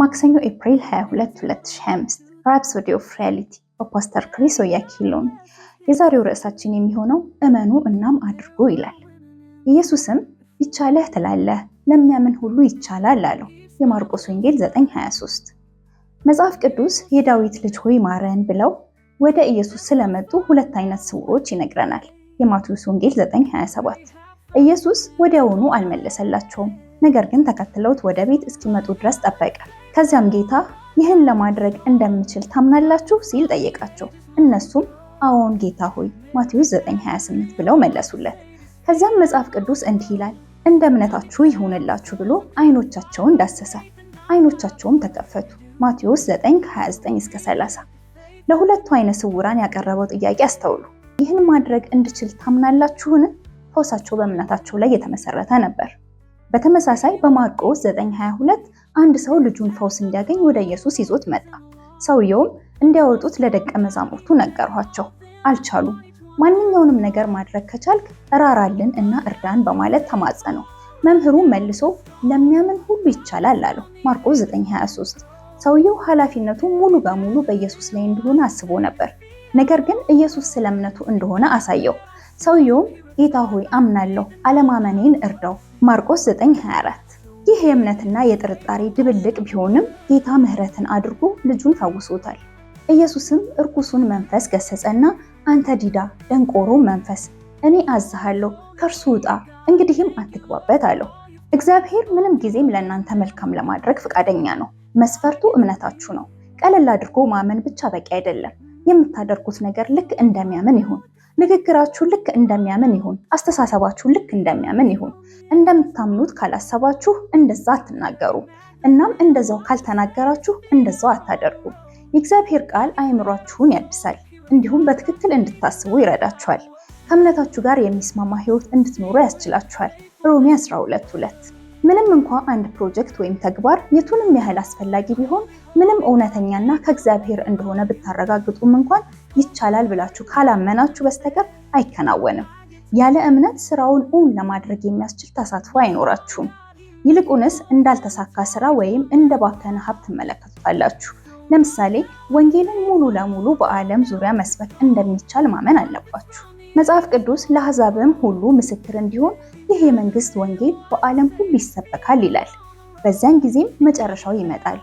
ማክሰኞ ኤፕሪል 22 2025 ራፕሶዲ ኦፍ ሪያሊቲ በፓስተር ክሪስ ኦያኪሎሜ። የዛሬው ርዕሳችን የሚሆነው እመኑ እናም አድርጎ ይላል። ኢየሱስም ይቻለህ ትላለህ፣ ለሚያምን ሁሉ ይቻላል አለው። የማርቆስ ወንጌል 9:23 መጽሐፍ ቅዱስ የዳዊት ልጅ ሆይ ማረን ብለው ወደ ኢየሱስ ስለመጡ ሁለት አይነት ስውሮች ይነግረናል። የማቴዎስ ወንጌል 9:27 ኢየሱስ ወዲያውኑ አልመለሰላቸውም፣ ነገር ግን ተከትለውት ወደ ቤት እስኪመጡ ድረስ ጠበቀ። ከዚያም ጌታ ይህን ለማድረግ እንደምችል ታምናላችሁ ሲል ጠየቃቸው። እነሱም አዎን ጌታ ሆይ ማቴዎስ 9:28 ብለው መለሱለት። ከዚያም መጽሐፍ ቅዱስ እንዲህ ይላል እንደ እምነታችሁ ይሁንላችሁ ብሎ አይኖቻቸውን ዳሰሰ። አይኖቻቸውም ተከፈቱ። ማቴዎስ 9:29 እስከ 30። ለሁለቱ አይነ ስውራን ያቀረበው ጥያቄ አስተውሉ። ይህን ማድረግ እንድችል ታምናላችሁን? ፈውሳቸው በእምነታቸው ላይ የተመሰረተ ነበር። በተመሳሳይ በማርቆስ 9:22 አንድ ሰው ልጁን ፈውስ እንዲያገኝ ወደ ኢየሱስ ይዞት መጣ። ሰውየውም እንዲያወጡት ለደቀ መዛሙርቱ ነገሯቸው፣ አልቻሉም። ማንኛውንም ነገር ማድረግ ከቻልክ እራራልን እና እርዳን በማለት ተማጸነው። መምህሩ መልሶ ለሚያምን ሁሉ ይቻላል አለው። ማርቆስ 9:23 ሰውየው ኃላፊነቱ ሙሉ በሙሉ በኢየሱስ ላይ እንደሆነ አስቦ ነበር። ነገር ግን ኢየሱስ ስለ እምነቱ እንደሆነ አሳየው። ሰውየውም ጌታ ሆይ አምናለሁ፣ አለማመኔን እርዳው። ማርቆስ 9:24 ይህ የእምነትና የጥርጣሬ ድብልቅ ቢሆንም ጌታ ምሕረትን አድርጎ ልጁን ፈውሶታል። ኢየሱስም እርኩሱን መንፈስ ገሰጸና አንተ ዲዳ ደንቆሮ መንፈስ እኔ አዝሃለሁ፣ ከእርሱ ውጣ፣ እንግዲህም አትግባበት አለው። እግዚአብሔር ምንም ጊዜም ለእናንተ መልካም ለማድረግ ፈቃደኛ ነው። መስፈርቱ እምነታችሁ ነው። ቀለል አድርጎ ማመን ብቻ በቂ አይደለም። የምታደርጉት ነገር ልክ እንደሚያምን ይሁን። ንግግራችሁ ልክ እንደሚያምን ይሁን። አስተሳሰባችሁ ልክ እንደሚያምን ይሁን። እንደምታምኑት ካላሰባችሁ እንደዛ አትናገሩ። እናም እንደዛው ካልተናገራችሁ እንደዛው አታደርጉም። የእግዚአብሔር ቃል አእምሯችሁን ያድሳል፣ እንዲሁም በትክክል እንድታስቡ ይረዳችኋል። ከእምነታችሁ ጋር የሚስማማ ህይወት እንድትኖሩ ያስችላችኋል። ሮሜ 12 2። ምንም እንኳ አንድ ፕሮጀክት ወይም ተግባር የቱንም ያህል አስፈላጊ ቢሆን ምንም እውነተኛና ከእግዚአብሔር እንደሆነ ብታረጋግጡም እንኳን ይቻላል ብላችሁ ካላመናችሁ በስተቀር አይከናወንም። ያለ እምነት ስራውን እውን ለማድረግ የሚያስችል ተሳትፎ አይኖራችሁም። ይልቁንስ እንዳልተሳካ ስራ ወይም እንደ ባከነ ሀብት ትመለከቱታላችሁ። ለምሳሌ ወንጌልን ሙሉ ለሙሉ በዓለም ዙሪያ መስበክ እንደሚቻል ማመን አለባችሁ። መጽሐፍ ቅዱስ ለአሕዛብም ሁሉ ምስክር እንዲሆን ይህ የመንግስት ወንጌል በዓለም ሁሉ ይሰበካል ይላል። በዚያን ጊዜም መጨረሻው ይመጣል።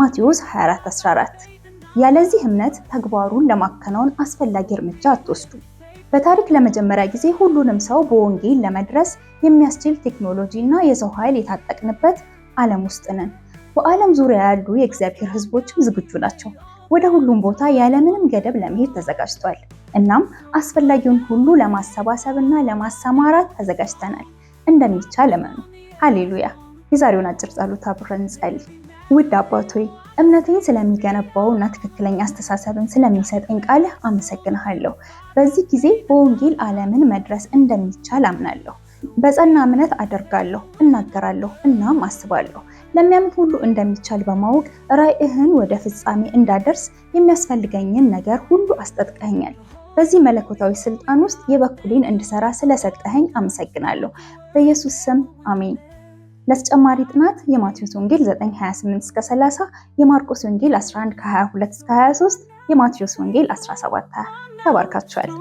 ማቴዎስ 24:14 ያለዚህ እምነት ተግባሩን ለማከናወን አስፈላጊ እርምጃ አትወስዱ። በታሪክ ለመጀመሪያ ጊዜ ሁሉንም ሰው በወንጌል ለመድረስ የሚያስችል ቴክኖሎጂ እና የሰው ኃይል የታጠቅንበት ዓለም ውስጥ ነን። በዓለም ዙሪያ ያሉ የእግዚአብሔር ህዝቦችም ዝግጁ ናቸው። ወደ ሁሉም ቦታ ያለምንም ገደብ ለመሄድ ተዘጋጅቷል። እናም አስፈላጊውን ሁሉ ለማሰባሰብ እና ለማሰማራት ተዘጋጅተናል። እንደሚቻል እመኑ። ሃሌሉያ! የዛሬውን አጭር ጸሎት አብረን እንጸልይ። ውድ አባቶይ ሆይ እምነቴን ስለሚገነባው እና ትክክለኛ አስተሳሰብን ስለሚሰጠኝ ቃልህ አመሰግንሃለሁ። በዚህ ጊዜ በወንጌል ዓለምን መድረስ እንደሚቻል አምናለሁ። በጸና እምነት አደርጋለሁ፣ እናገራለሁ እናም አስባለሁ። ለሚያምን ሁሉ እንደሚቻል በማወቅ ራዕይህን ወደ ፍጻሜ እንዳደርስ የሚያስፈልገኝን ነገር ሁሉ አስጠጥቀኛል። በዚህ መለኮታዊ ስልጣን ውስጥ የበኩሌን እንድሰራ ስለሰጠኸኝ አመሰግናለሁ። በኢየሱስ ስም አሜን። ለተጨማሪ ጥናት የማቴዎስ ወንጌል 9:28-30፣ የማርቆስ ወንጌል 11:22-23፣ የማቴዎስ ወንጌል 17 ተባርካችኋል።